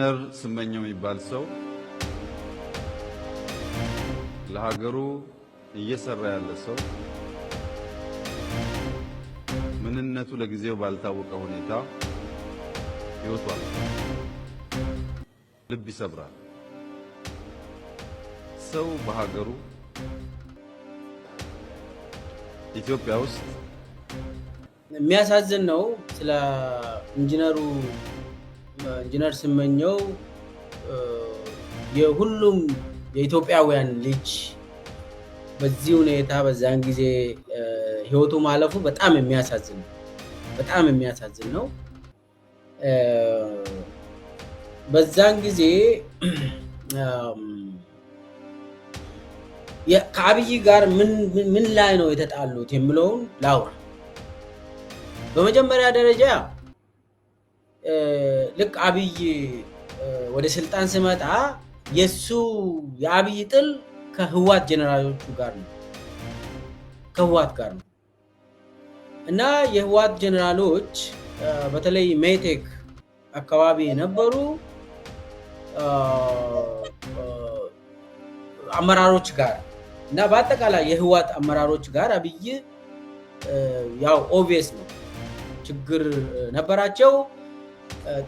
ኢንጂነር ስመኘው የሚባል ሰው ለሀገሩ እየሰራ ያለ ሰው ምንነቱ ለጊዜው ባልታወቀ ሁኔታ ይወቷል ልብ ይሰብራል። ሰው በሀገሩ ኢትዮጵያ ውስጥ የሚያሳዝን ነው። ስለ ኢንጂነሩ ኢንጂነር ስመኘው የሁሉም የኢትዮጵያውያን ልጅ በዚህ ሁኔታ በዛን ጊዜ ህይወቱ ማለፉ በጣም የሚያሳዝን ነው። በጣም የሚያሳዝን ነው። በዛን ጊዜ ከአብይ ጋር ምን ላይ ነው የተጣሉት የሚለውን ላውራ። በመጀመሪያ ደረጃ ልክ አብይ ወደ ስልጣን ስመጣ የእሱ የአብይ ጥል ከህዋት ጀነራሎቹ ጋር ነው ከህዋት ጋር ነው እና የህዋት ጀነራሎች በተለይ ሜቴክ አካባቢ የነበሩ አመራሮች ጋር እና በአጠቃላይ የህዋት አመራሮች ጋር አብይ ያው ኦቪየስ ነው ችግር ነበራቸው።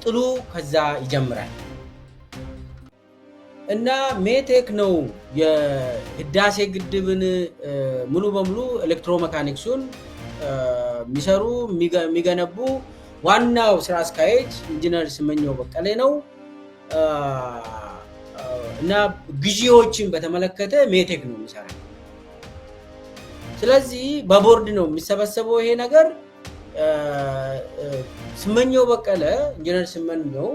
ጥሉ ከዛ ይጀምራል እና ሜቴክ ነው የህዳሴ ግድብን ሙሉ በሙሉ ኤሌክትሮሜካኒክሱን የሚሰሩ የሚገነቡ ዋናው ስራ አስኪያጅ ኢንጂነር ስመኘው በቀሌ ነው። እና ግዢዎችን በተመለከተ ሜቴክ ነው የሚሰራ። ስለዚህ በቦርድ ነው የሚሰበሰበው ይሄ ነገር። ስመኘው በቀለ ኢንጂነር ስመኘው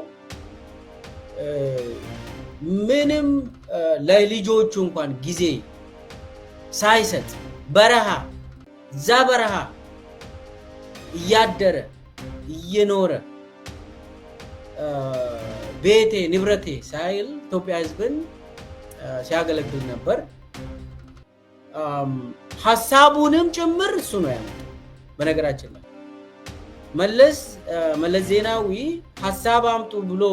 ምንም ለልጆቹ እንኳን ጊዜ ሳይሰጥ በረሃ እዛ በረሃ እያደረ እየኖረ ቤቴ ንብረቴ ሳይል ኢትዮጵያ ሕዝብን ሲያገለግል ነበር። ሀሳቡንም ጭምር እሱ ነው ያመጣው በነገራችን መለስ መለስ ዜናዊ ሀሳብ አምጡ ብሎ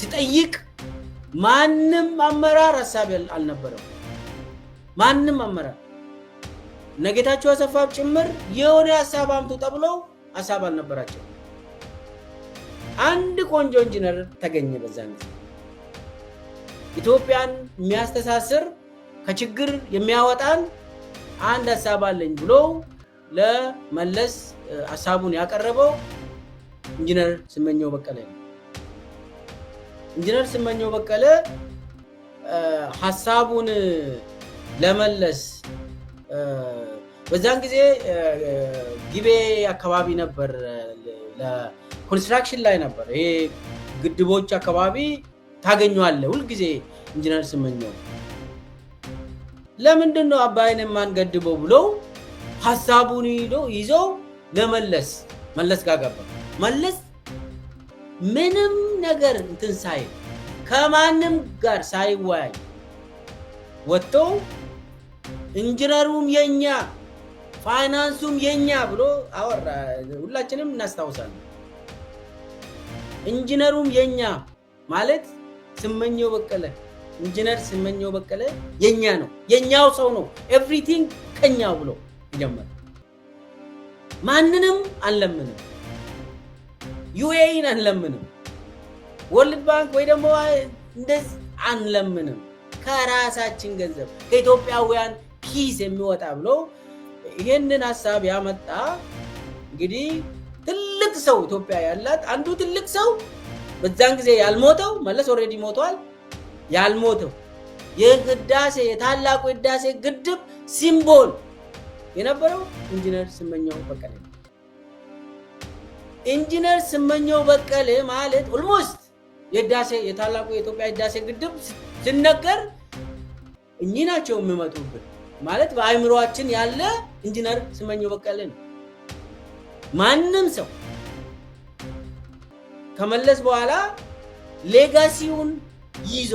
ሲጠይቅ ማንም አመራር ሀሳብ አልነበረም። ማንም አመራር ነጌታቸው አሰፋ ጭምር የሆነ ሀሳብ አምጡ ተብለው ሀሳብ አልነበራቸው። አንድ ቆንጆ ኢንጂነር ተገኘ። በዛ ጊዜ ኢትዮጵያን የሚያስተሳስር ከችግር የሚያወጣን አንድ ሀሳብ አለኝ ብሎ ለመለስ ሀሳቡን ያቀረበው ኢንጂነር ስመኘው በቀለ ነው። ኢንጂነር ስመኘው በቀለ ሀሳቡን ለመለስ በዛን ጊዜ ጊቤ አካባቢ ነበር፣ ኮንስትራክሽን ላይ ነበር። ይሄ ግድቦች አካባቢ ታገኘዋለህ ሁልጊዜ ኢንጂነር ስመኘው ለምንድን ነው አባይን የማንገድበው ብለው ሀሳቡን ሂዶ ይዘው ለመለስ መለስ ጋር ገባ። መለስ ምንም ነገር እንትን ሳይ ከማንም ጋር ሳይወያይ ወጥቶ ኢንጂነሩም የኛ ፋይናንሱም የኛ ብሎ አወራ። ሁላችንም እናስታውሳለን። ኢንጂነሩም የኛ ማለት ስመኘው በቀለ ኢንጂነር ስመኘው በቀለ የኛ ነው፣ የኛው ሰው ነው፣ ኤቭሪቲንግ ከኛው ብሎ ይጀምር። ማንንም አንለምንም፣ ዩኤኢን አንለምንም፣ ወርልድ ባንክ ወይ ደግሞ እንደዚህ አንለምንም። ከራሳችን ገንዘብ ከኢትዮጵያውያን ኪስ የሚወጣ ብሎ ይህንን ሀሳብ ያመጣ እንግዲህ ትልቅ ሰው ኢትዮጵያ ያላት አንዱ ትልቅ ሰው በዛን ጊዜ ያልሞተው መለስ ኦልሬዲ ሞቷል። ያልሞተው የህዳሴ የታላቁ ህዳሴ ግድብ ሲምቦል የነበረው ኢንጂነር ስመኘው በቀለ ኢንጂነር ስመኘው በቀለ ማለት ኦልሞስት የህዳሴ የታላቁ የኢትዮጵያ ህዳሴ ግድብ ሲነገር እኚህ ናቸው የሚመጡብን ማለት በአይምሮችን ያለ ኢንጂነር ስመኘው በቀለ ነው። ማንም ሰው ከመለስ በኋላ ሌጋሲውን ይዞ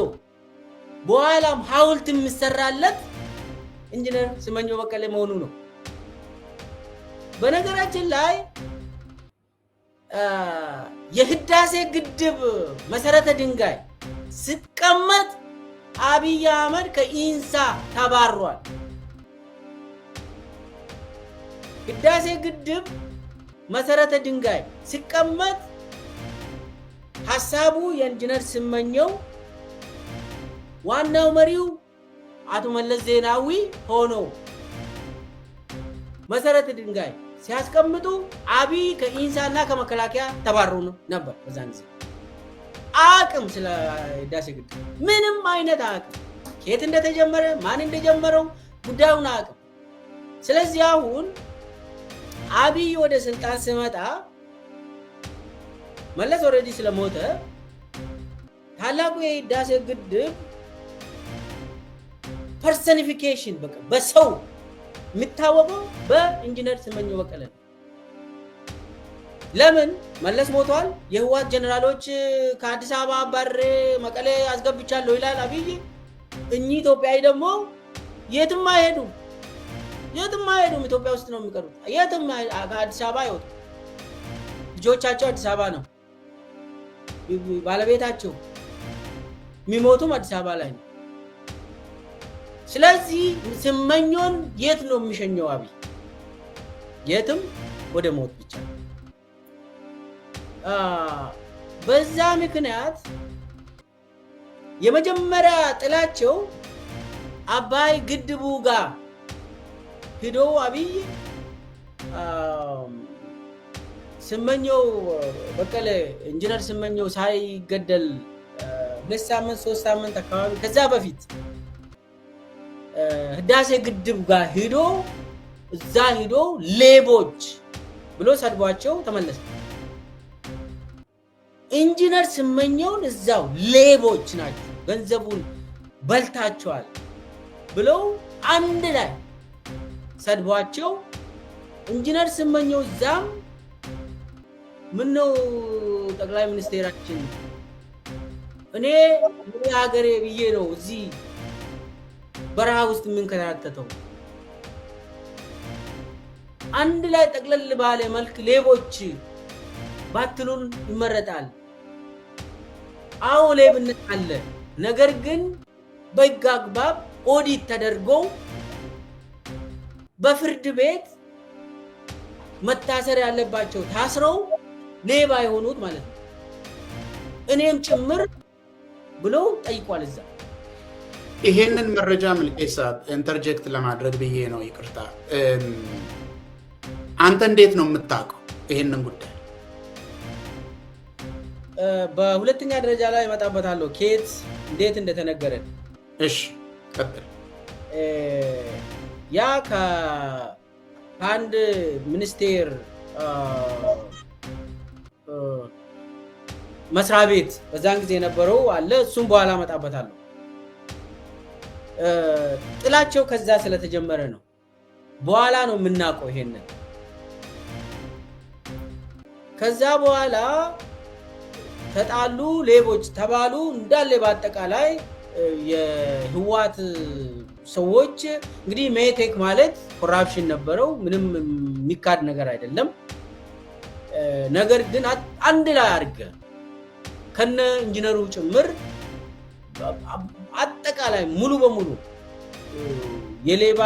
በኋላም ሀውልት የሚሰራለት ኢንጂነር ስመኘው በቀለ መሆኑ ነው። በነገራችን ላይ የህዳሴ ግድብ መሰረተ ድንጋይ ሲቀመጥ አብይ አህመድ ከኢንሳ ተባሯል። ህዳሴ ግድብ መሰረተ ድንጋይ ሲቀመጥ ሀሳቡ የኢንጂነር ስመኘው ዋናው መሪው አቶ መለስ ዜናዊ ሆኖ መሰረተ ድንጋይ ሲያስቀምጡ አብይ ከኢንሳና ከመከላከያ ተባሮ ነበር። በዛን ጊዜ አቅም ስለ ህዳሴ ግድብ ምንም አይነት አቅም ከየት እንደተጀመረ ማን እንደጀመረው ጉዳዩን አቅም። ስለዚህ አሁን አብይ ወደ ስልጣን ሲመጣ መለስ ኦልሬዲ ስለሞተ ታላቁ የህዳሴ ግድብ ፐርሰኒፊኬሽን በሰው የሚታወቀው በኢንጂነር ስመኘው በቀለ ነው። ለምን መለስ ሞቷል። የህዋት ጀነራሎች ከአዲስ አበባ አባሬ መቀሌ አስገብቻለሁ ይላል አብይ። እኚህ ኢትዮጵያዊ ደግሞ የትም አይሄዱም፣ የትም አይሄዱም። ኢትዮጵያ ውስጥ ነው የሚቀሩት። የትም ከአዲስ አበባ ይወጡ፣ ልጆቻቸው አዲስ አበባ ነው፣ ባለቤታቸው የሚሞቱም አዲስ አበባ ላይ ነው። ስለዚህ ስመኞን የት ነው የሚሸኘው? አብይ የትም ወደ ሞት ብቻ። በዛ ምክንያት የመጀመሪያ ጥላቸው አባይ ግድቡ ጋር ሂዶ አብይ ስመኘው በቀለ ኢንጂነር ስመኘው ሳይገደል ሁለት ሳምንት ሶስት ሳምንት አካባቢ ከዛ በፊት ህዳሴ ግድብ ጋር ሂዶ እዛ ሂዶ ሌቦች ብሎ ሰድቧቸው ተመለሰ። ኢንጂነር ስመኘውን እዛው ሌቦች ናቸው፣ ገንዘቡን በልታቸዋል ብለው አንድ ላይ ሰድቧቸው ኢንጂነር ስመኘው እዛም ምን ነው ጠቅላይ ሚኒስቴራችን እኔ ሀገሬ ብዬ ነው እዚህ በረሃ ውስጥ የምንከራተተው አንድ ላይ ጠቅለል ባለ መልክ ሌቦች ባትሉን ይመረጣል። አዎ ሌብነት አለ። ነገር ግን በሕግ አግባብ ኦዲት ተደርጎ በፍርድ ቤት መታሰር ያለባቸው ታስረው ሌባ የሆኑት ማለት ነው። እኔም ጭምር ብሎ ጠይቋል እዛ ይሄንን መረጃ ምልኬሳ ኢንተርጀክት ለማድረግ ብዬ ነው። ይቅርታ። አንተ እንዴት ነው የምታውቀው ይሄንን ጉዳይ? በሁለተኛ ደረጃ ላይ እመጣበታለሁ። ኬት እንዴት እንደተነገረን። እሺ ቀጥል። ያ ከአንድ ሚኒስቴር መስሪያ ቤት በዛን ጊዜ የነበረው አለ። እሱም በኋላ እመጣበታለሁ። ጥላቸው ከዛ ስለተጀመረ ነው። በኋላ ነው የምናውቀው ይሄንን። ከዛ በኋላ ተጣሉ፣ ሌቦች ተባሉ እንዳለ። በአጠቃላይ የህዋት ሰዎች እንግዲህ ሜቴክ ማለት ኮራፕሽን ነበረው፣ ምንም የሚካድ ነገር አይደለም። ነገር ግን አንድ ላይ አድርገ ከነ ኢንጂነሩ ጭምር አጠቃላይ ሙሉ በሙሉ የሌባ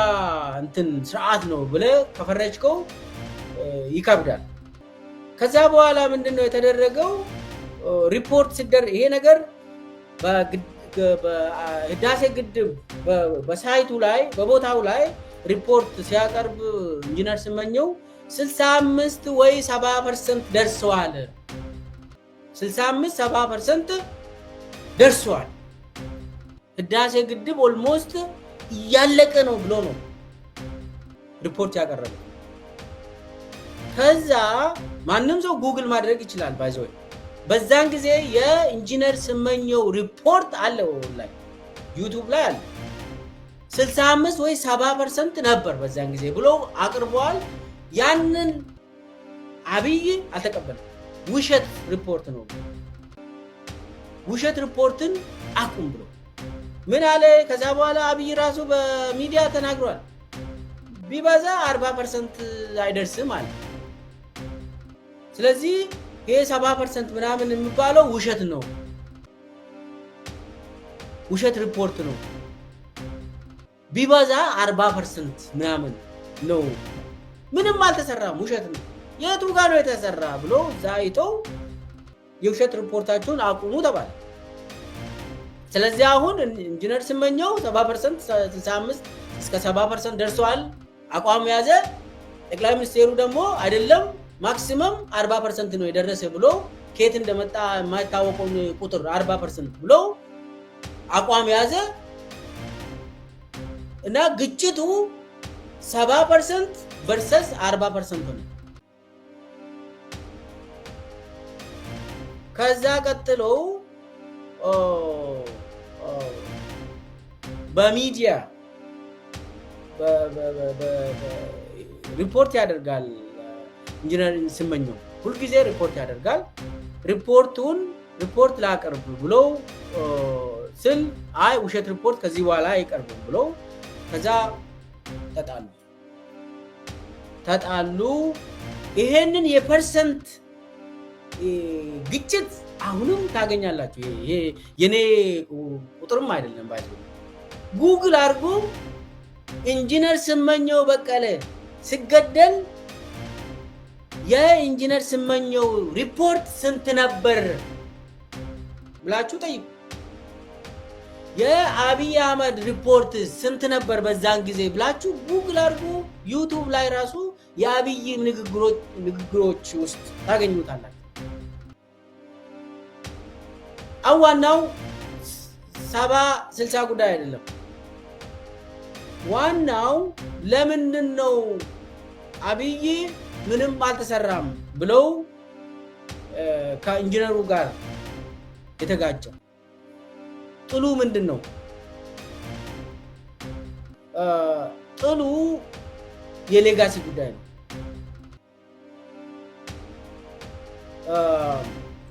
እንትን ስርዓት ነው ብለ ከፈረጅከው ይከብዳል። ከዛ በኋላ ምንድን ነው የተደረገው? ሪፖርት ሲደር ይሄ ነገር በህዳሴ ግድብ በሳይቱ ላይ በቦታው ላይ ሪፖርት ሲያቀርብ ኢንጂነር ስመኘው 65 ወይ 70 ፐርሰንት ደርሰዋል፣ 65 70 ፐርሰንት ደርሰዋል። ህዳሴ ግድብ ኦልሞስት እያለቀ ነው ብሎ ነው ሪፖርት ያቀረበው። ከዛ ማንም ሰው ጉግል ማድረግ ይችላል። ባይዘ በዛን ጊዜ የኢንጂነር ስመኘው ሪፖርት አለ ላይ ዩቱብ ላይ አለ 65 ወይ 70 ፐርሰንት ነበር በዛን ጊዜ ብሎ አቅርበዋል። ያንን አብይ አልተቀበለም። ውሸት ሪፖርት ነው ውሸት ሪፖርትን አቁም ብሎ ምን አለ? ከዚያ በኋላ አብይ ራሱ በሚዲያ ተናግሯል። ቢበዛ 40 ፐርሰንት አይደርስም አለ። ስለዚህ ይሄ 70 ፐርሰንት ምናምን የሚባለው ውሸት ነው፣ ውሸት ሪፖርት ነው። ቢበዛ 40 ፐርሰንት ምናምን ነው፣ ምንም አልተሰራም፣ ውሸት ነው። የቱ ጋር ነው የተሰራ ብሎ ዛይተው የውሸት ሪፖርታችሁን አቁሙ ተባለ። ስለዚህ አሁን ኢንጂነር ስመኘው 7 ፐርሰንት 65 እስከ 7 ፐርሰንት ደርሰዋል አቋም የያዘ ጠቅላይ ሚኒስቴሩ ደግሞ አይደለም ማክሲመም 40 ፐርሰንት ነው የደረሰ ብሎ ከየት እንደመጣ የማይታወቀውን ቁጥር 40 ፐርሰንት ብሎ አቋም የያዘ እና ግጭቱ 70 ፐርሰንት ቨርሰስ 40 ፐርሰንት ነው። ከዛ ቀጥሎ በሚዲያ ሪፖርት ያደርጋል። ኢንጂነር ስመኘው ሁልጊዜ ሪፖርት ያደርጋል። ሪፖርቱን ሪፖርት ላቀርብ ብሎ ስል አይ ውሸት ሪፖርት ከዚህ በኋላ አይቀርብም ብሎ ከዛ ተጣሉ ተጣሉ። ይሄንን የፐርሰንት ግጭት አሁንም ታገኛላችሁ። የኔ ቁጥርም አይደለም ባይ ጉግል አርጉ። ኢንጂነር ስመኘው በቀለ ሲገደል የኢንጂነር ስመኘው ሪፖርት ስንት ነበር ብላችሁ ጠይቁ። የአብይ አህመድ ሪፖርት ስንት ነበር በዛን ጊዜ ብላችሁ ጉግል አድርጉ። ዩቱብ ላይ ራሱ የአብይ ንግግሮች ውስጥ ታገኙታላችሁ። አዋናው ሰባ ስልሳ ጉዳይ አይደለም። ዋናው ለምንድን ነው አብይ ምንም አልተሰራም ብለው ከኢንጂነሩ ጋር የተጋጨው ጥሉ ምንድን ነው? ጥሉ የሌጋሲ ጉዳይ ነው።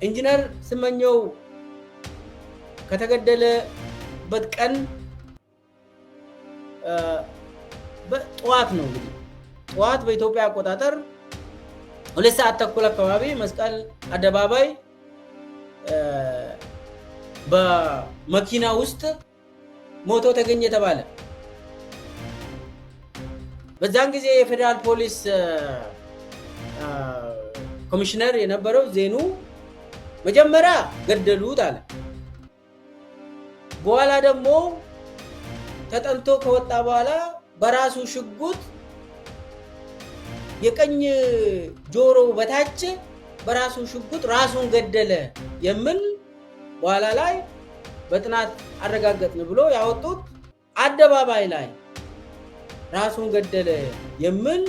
ኢንጂነር ስመኘው ከተገደለበት ቀን ጠዋት ነው እንግዲህ ጠዋት በኢትዮጵያ አቆጣጠር ሁለት ሰዓት ተኩል አካባቢ መስቀል አደባባይ በመኪና ውስጥ ሞቶ ተገኘ የተባለ በዛን ጊዜ የፌዴራል ፖሊስ ኮሚሽነር የነበረው ዜኑ መጀመሪያ ገደሉት አለ። በኋላ ደግሞ ተጠንቶ ከወጣ በኋላ በራሱ ሽጉጥ የቀኝ ጆሮ በታች በራሱ ሽጉጥ ራሱን ገደለ የሚል በኋላ ላይ በጥናት አረጋገጥን ብሎ ያወጡት አደባባይ ላይ ራሱን ገደለ የሚል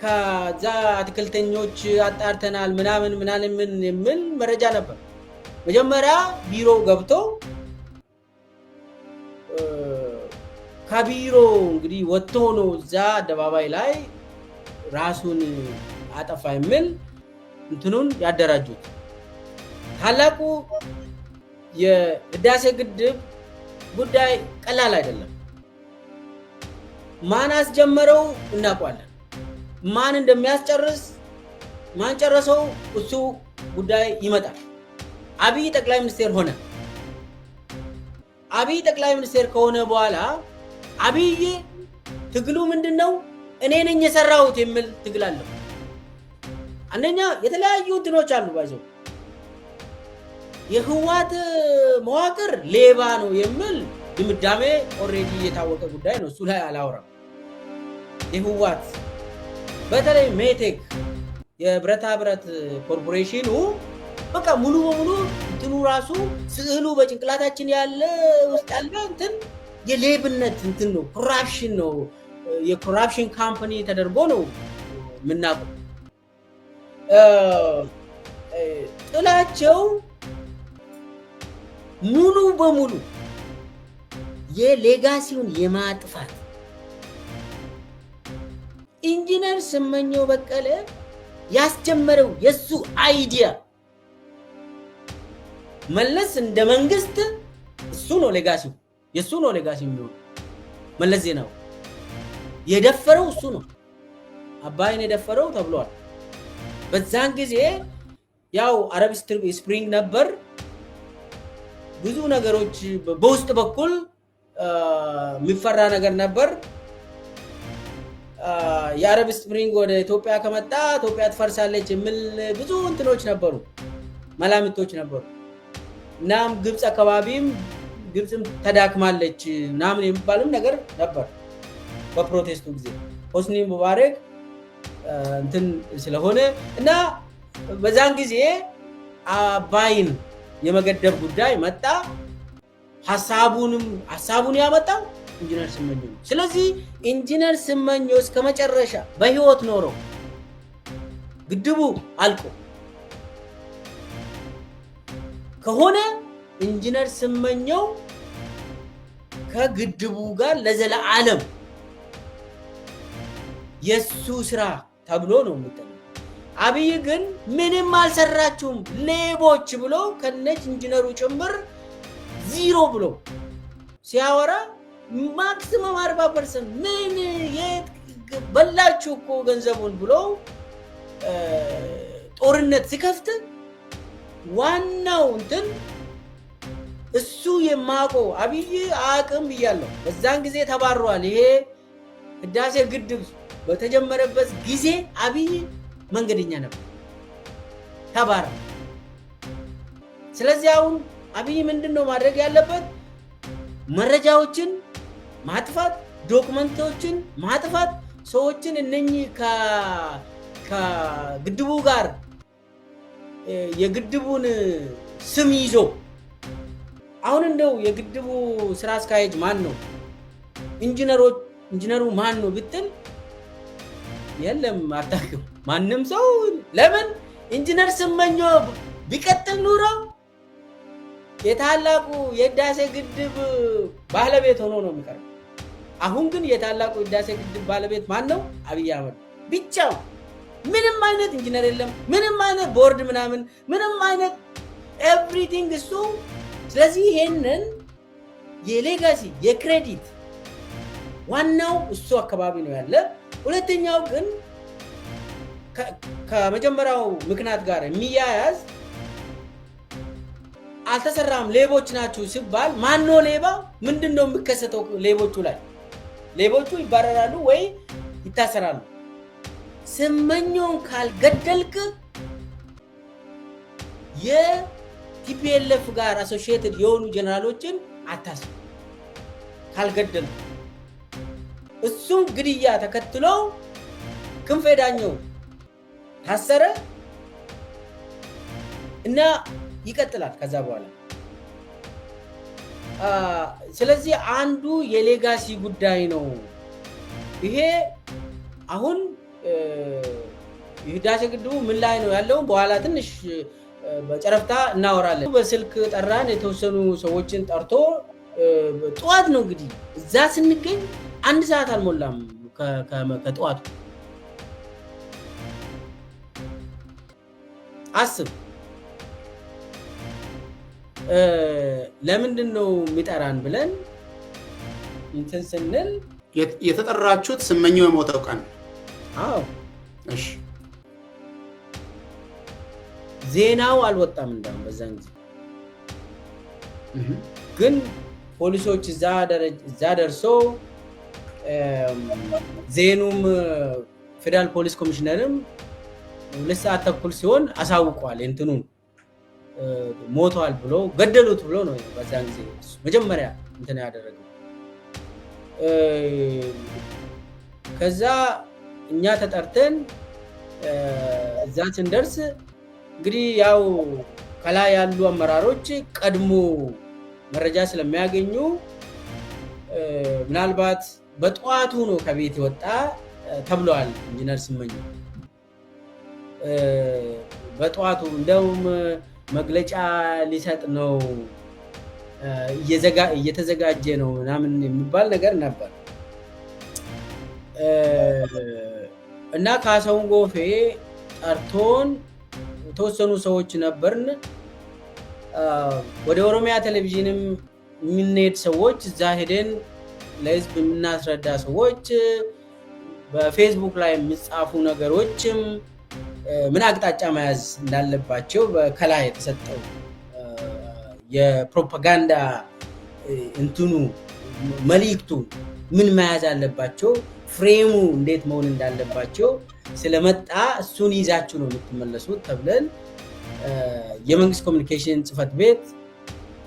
ከዛ አትክልተኞች አጣርተናል ምናምን ምናምን የሚል መረጃ ነበር። መጀመሪያ ቢሮ ገብቶ ከቢሮ እንግዲህ ወጥቶ ነው እዛ አደባባይ ላይ ራሱን አጠፋ የሚል እንትኑን ያደራጁት። ታላቁ የህዳሴ ግድብ ጉዳይ ቀላል አይደለም። ማን አስጀመረው እናውቋለን። ማን እንደሚያስጨርስ ማን ጨረሰው እሱ ጉዳይ ይመጣል። አብይ ጠቅላይ ሚኒስቴር ሆነ። አብይ ጠቅላይ ሚኒስቴር ከሆነ በኋላ አብይ ትግሉ ምንድን ነው? እኔ ነኝ የሰራሁት የሚል ትግል አለው። አንደኛ የተለያዩ እንትኖች አሉ። ባይዘው የህዋት መዋቅር ሌባ ነው የሚል ድምዳሜ ኦሬዲ የታወቀ ጉዳይ ነው። እሱ ላይ አላወራም። የህዋት በተለይ ሜቴክ የብረታ ብረት ኮርፖሬሽኑ በቃ ሙሉ በሙሉ እንትኑ ራሱ ስዕሉ በጭንቅላታችን ያለ ውስጥ ያለ እንትን የሌብነት እንትን ነው፣ ኮራፕሽን ነው። የኮራፕሽን ካምፓኒ ተደርጎ ነው ምናቁ ጥላቸው ሙሉ በሙሉ የሌጋሲውን የማጥፋት ኢንጂነር ስመኘው በቀለ ያስጀመረው የሱ አይዲያ መለስ እንደ መንግስት እሱ ነው ሌጋሲው። የእሱ ነው ሌጋሲ የሚሆኑ መለስ ዜናው የደፈረው እሱ ነው። አባይን የደፈረው ተብሏል። በዛን ጊዜ ያው አረብ ስፕሪንግ ነበር። ብዙ ነገሮች በውስጥ በኩል የሚፈራ ነገር ነበር። የአረብ ስፕሪንግ ወደ ኢትዮጵያ ከመጣ ኢትዮጵያ ትፈርሳለች የሚል ብዙ እንትኖች ነበሩ፣ መላምቶች ነበሩ። እናም ግብፅ አካባቢም ግብፅም ተዳክማለች ምናምን የሚባልም ነገር ነበር። በፕሮቴስቱ ጊዜ ሆስኒ ሙባሬክ እንትን ስለሆነ እና በዛን ጊዜ አባይን የመገደብ ጉዳይ መጣ። ሀሳቡንም ሀሳቡን ያመጣው ኢንጂነር ስመኘው። ስለዚህ ኢንጂነር ስመኘው እስከ መጨረሻ በህይወት ኖሮ ግድቡ አልቆ ከሆነ ኢንጂነር ስመኘው ከግድቡ ጋር ለዘለዓለም የሱ ስራ ተብሎ ነው የምጠ አብይ ግን ምንም አልሰራችሁም ሌቦች ብሎ ከነች ኢንጂነሩ ጭምር ዚሮ ብሎ ሲያወራ ማክሲመም አርባ ፐርሰንት ምን የት በላችሁ እኮ ገንዘቡን ብሎ ጦርነት ሲከፍት ዋናው እንትን እሱ የማቆ አብይ አቅም ብያለሁ። በዛን ጊዜ ተባሯል። ይሄ ህዳሴ ግድብ በተጀመረበት ጊዜ አብይ መንገደኛ ነበር፣ ተባረ። ስለዚህ አሁን አብይ ምንድን ነው ማድረግ ያለበት? መረጃዎችን ማጥፋት፣ ዶክመንቶችን ማጥፋት፣ ሰዎችን እነኚህ ከግድቡ ጋር የግድቡን ስም ይዞ አሁን እንደው የግድቡ ስራ አስኪያጅ ማን ነው? ኢንጂነሩ ማን ነው ብትል የለም አታውቅም። ማንም ሰው ለምን ኢንጂነር ስመኘው ቢቀጥል ኑሮ የታላቁ የህዳሴ ግድብ ባለቤት ሆኖ ነው የሚቀርበው። አሁን ግን የታላቁ የህዳሴ ግድብ ባለቤት ማን ነው? አብይ አህመድ ብቻው። ምንም አይነት ኢንጂነር የለም፣ ምንም አይነት ቦርድ ምናምን፣ ምንም አይነት ኤቭሪቲንግ እሱ ስለዚህ ይሄንን የሌጋሲ የክሬዲት ዋናው እሱ አካባቢ ነው ያለ። ሁለተኛው ግን ከመጀመሪያው ምክንያት ጋር የሚያያዝ አልተሰራም፣ ሌቦች ናችሁ ሲባል ማኖ ሌባ? ምንድን ነው የሚከሰተው? ሌቦቹ ላይ ሌቦቹ ይባረራሉ ወይ ይታሰራሉ። ስመኛውን ካልገደልክ ከቲፒኤልኤፍ ጋር አሶሺየትድ የሆኑ ጀነራሎችን አታስ ካልገደሉ። እሱም ግድያ ተከትሎ ክንፈ ዳኘው ታሰረ እና ይቀጥላል ከዛ በኋላ። ስለዚህ አንዱ የሌጋሲ ጉዳይ ነው ይሄ አሁን ህዳሴ ግድቡ ምን ላይ ነው ያለውን በኋላ ትንሽ በጨረፍታ እናወራለን። በስልክ ጠራን። የተወሰኑ ሰዎችን ጠርቶ ጠዋት ነው እንግዲህ እዛ ስንገኝ አንድ ሰዓት አልሞላም ከጠዋቱ አስብ። ለምንድን ነው የሚጠራን ብለን እንትን ስንል የተጠራችሁት ስመኘው የሞተው ቀን። አዎ እሺ ዜናው አልወጣም። እንዳውም በዛን ጊዜ ግን ፖሊሶች እዛ ደርሶ ዜኑም ፌደራል ፖሊስ ኮሚሽነርም ሁለት ሰዓት ተኩል ሲሆን አሳውቀዋል። እንትኑ ሞተዋል ብሎ ገደሉት ብሎ ነው በዛን ጊዜ መጀመሪያ እንትን ያደረገው። ከዛ እኛ ተጠርተን እዛ ስንደርስ እንግዲህ ያው ከላይ ያሉ አመራሮች ቀድሞ መረጃ ስለሚያገኙ ምናልባት በጠዋቱ ነው ከቤት የወጣ ተብለዋል። ኢንጂነር ስመኝ በጠዋቱ እንደውም መግለጫ ሊሰጥ ነው እየተዘጋጀ ነው ምናምን የሚባል ነገር ነበር እና ካሳሁን ጎፌ ጠርቶን የተወሰኑ ሰዎች ነበርን። ወደ ኦሮሚያ ቴሌቪዥንም የምንሄድ ሰዎች እዛ ሄደን ለህዝብ የምናስረዳ ሰዎች፣ በፌስቡክ ላይ የሚጻፉ ነገሮችም ምን አቅጣጫ መያዝ እንዳለባቸው ከላይ የተሰጠው የፕሮፓጋንዳ እንትኑ መልእክቱ ምን መያዝ አለባቸው፣ ፍሬሙ እንዴት መሆን እንዳለባቸው ስለመጣ እሱን ይዛችሁ ነው የምትመለሱት ተብለን የመንግስት ኮሚኒኬሽን ጽህፈት ቤት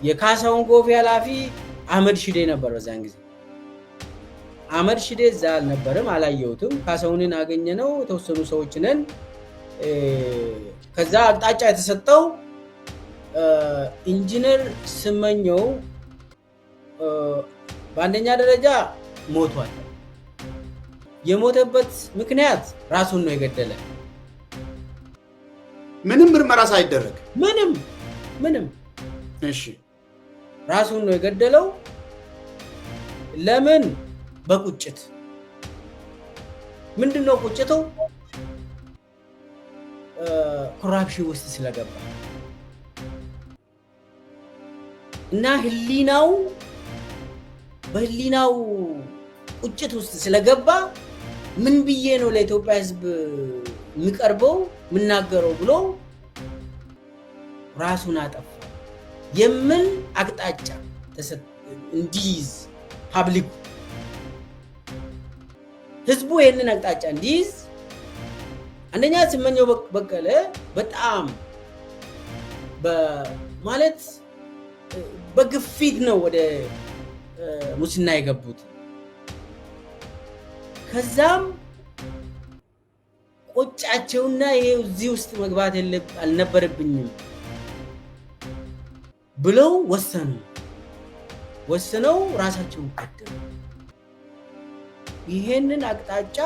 የካሳውን ጎፌ ኃላፊ አህመድ ሽዴ ነበር። በዛን ጊዜ አህመድ ሽዴ እዛ አልነበርም፣ አላየሁትም። ካሳውንን አገኘ ነው የተወሰኑ ሰዎች ነን። ከዛ አቅጣጫ የተሰጠው ኢንጂነር ስመኘው በአንደኛ ደረጃ ሞቷል። የሞተበት ምክንያት ራሱን ነው የገደለ። ምንም ምርመራ ሳይደረግ ምንም ምንም። እሺ ራሱን ነው የገደለው። ለምን? በቁጭት ምንድን ነው ቁጭቱ? ኮራፕሽን ውስጥ ስለገባ እና ህሊናው በህሊናው ቁጭት ውስጥ ስለገባ ምን ብዬ ነው ለኢትዮጵያ ሕዝብ የሚቀርበው የምናገረው ብሎ ራሱን አጠፋ የምን አቅጣጫ እንዲይዝ ፓብሊኩ ህዝቡ ይህንን አቅጣጫ እንዲይዝ አንደኛ ስመኘው በቀለ በጣም ማለት በግፊት ነው ወደ ሙስና የገቡት። ከዛም ቆጫቸውና ይሄው እዚህ ውስጥ መግባት አልነበረብኝም ብለው ወሰኑ። ወስነው ራሳቸውን ገደሉ። ይሄንን አቅጣጫ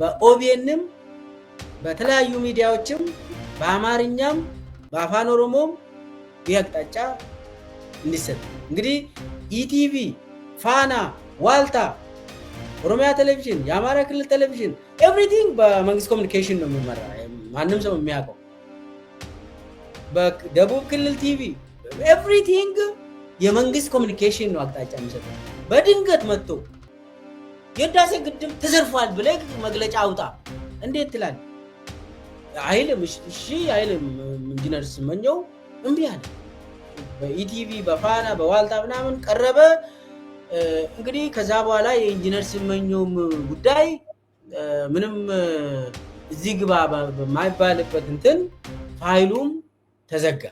በኦቤንም በተለያዩ ሚዲያዎችም በአማርኛም በአፋን ኦሮሞም ይህ አቅጣጫ እንዲሰጥ እንግዲህ ኢቲቪ፣ ፋና፣ ዋልታ ኦሮሚያ ቴሌቪዥን፣ የአማራ ክልል ቴሌቪዥን ኤቭሪቲንግ በመንግስት ኮሚኒኬሽን ነው የሚመራ። ማንም ሰው የሚያውቀው በደቡብ ክልል ቲቪ ኤቭሪቲንግ የመንግስት ኮሚኒኬሽን ነው አቅጣጫ የሚሰጠው። በድንገት መጥቶ የህዳሴ ግድብ ተዘርፏል ብለህ መግለጫ አውጣ እንዴት ትላል? አይልም። እሺ አይልም። ኢንጂነር ስመኘው እምቢ አለ። በኢቲቪ በፋና በዋልታ ምናምን ቀረበ። እንግዲህ ከዛ በኋላ የኢንጂነር ስመኘውም ጉዳይ ምንም እዚህ ግባ በማይባልበት እንትን ፋይሉም ተዘጋ።